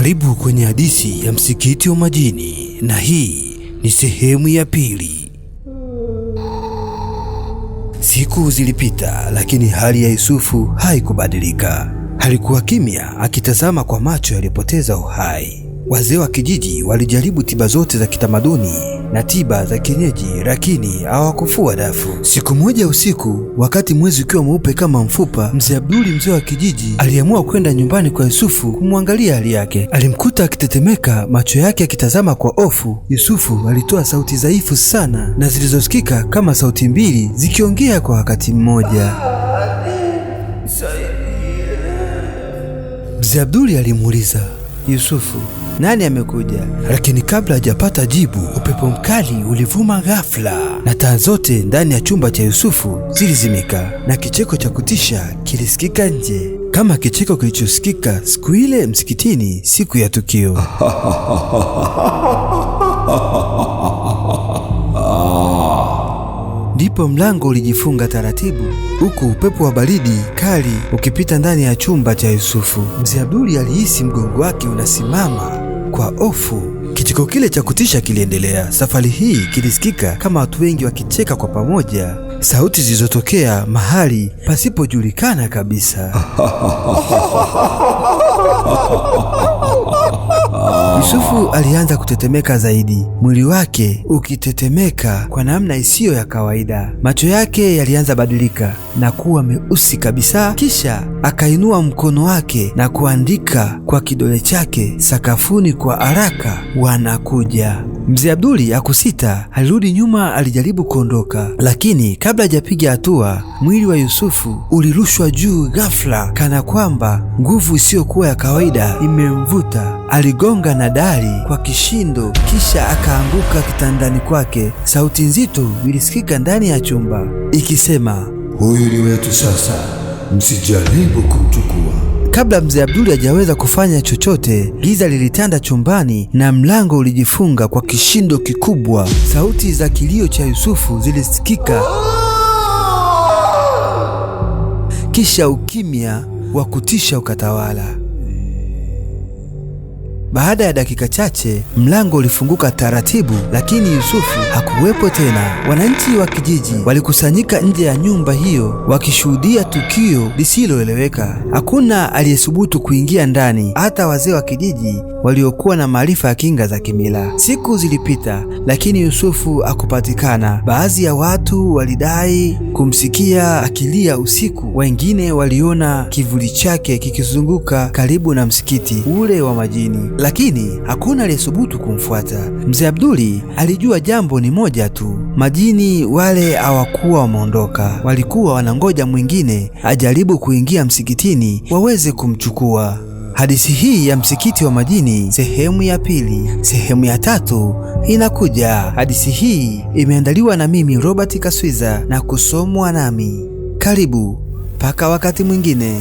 Karibu kwenye hadithi ya msikiti wa majini, na hii ni sehemu ya pili. Siku zilipita, lakini hali ya Yusufu haikubadilika. Alikuwa kimya, akitazama kwa macho yaliyopoteza uhai. Wazee wa kijiji walijaribu tiba zote za kitamaduni na tiba za kienyeji, lakini hawakufua dafu. Siku moja usiku, wakati mwezi ukiwa mweupe kama mfupa, mzee Abduli, mzee wa kijiji, aliamua kwenda nyumbani kwa Yusufu kumwangalia hali yake. Alimkuta akitetemeka, macho yake akitazama kwa hofu. Yusufu alitoa sauti dhaifu sana na zilizosikika kama sauti mbili zikiongea kwa wakati mmoja. Mzee Abduli alimuuliza Yusufu, nani amekuja? Lakini kabla hajapata jibu, upepo mkali ulivuma ghafla na taa zote ndani ya chumba cha Yusufu zilizimika na kicheko cha kutisha kilisikika nje kama kicheko kilichosikika siku ile msikitini siku ya tukio. Ndipo mlango ulijifunga taratibu, huku upepo wa baridi kali ukipita ndani ya chumba cha Yusufu. Mzee Abduli alihisi mgongo wake unasimama kwa hofu. Kicheko kile cha kutisha kiliendelea. Safari hii kilisikika kama watu wengi wakicheka kwa pamoja, sauti zilizotokea mahali pasipojulikana kabisa. Yusufu ah. alianza kutetemeka zaidi, mwili wake ukitetemeka kwa namna isiyo ya kawaida. Macho yake yalianza badilika na kuwa meusi kabisa, kisha akainua mkono wake na kuandika kwa kidole chake sakafuni kwa haraka, wanakuja. Mzee Abduli akusita alirudi nyuma, alijaribu kuondoka, lakini kabla hajapiga hatua, mwili wa Yusufu ulirushwa juu ghafla, kana kwamba nguvu isiyokuwa ya kawaida imemvuta. Aligonga na dari kwa kishindo, kisha akaanguka kitandani kwake. Sauti nzito ilisikika ndani ya chumba ikisema, huyu ni wetu sasa, msijaribu kumchukua. Kabla mzee Abduli hajaweza kufanya chochote, giza lilitanda chumbani na mlango ulijifunga kwa kishindo kikubwa. Sauti za kilio cha Yusufu zilisikika, kisha ukimya wa kutisha ukatawala. Baada ya dakika chache mlango ulifunguka taratibu, lakini Yusufu hakuwepo tena. Wananchi wa kijiji walikusanyika nje ya nyumba hiyo wakishuhudia tukio lisiloeleweka. Hakuna aliyesubutu kuingia ndani, hata wazee wa kijiji waliokuwa na maarifa ya kinga za kimila. Siku zilipita, lakini Yusufu hakupatikana. Baadhi ya watu walidai kumsikia akilia usiku, wengine waliona kivuli chake kikizunguka karibu na msikiti ule wa majini, lakini hakuna aliyesubutu kumfuata. Mzee Abduli alijua jambo ni moja tu, majini wale hawakuwa wameondoka, walikuwa wanangoja mwingine ajaribu kuingia msikitini waweze kumchukua. Hadithi hii ya msikiti wa majini sehemu ya pili. Sehemu ya tatu inakuja. Hadithi hii imeandaliwa na mimi Robert Kaswiza na kusomwa nami. Karibu mpaka wakati mwingine.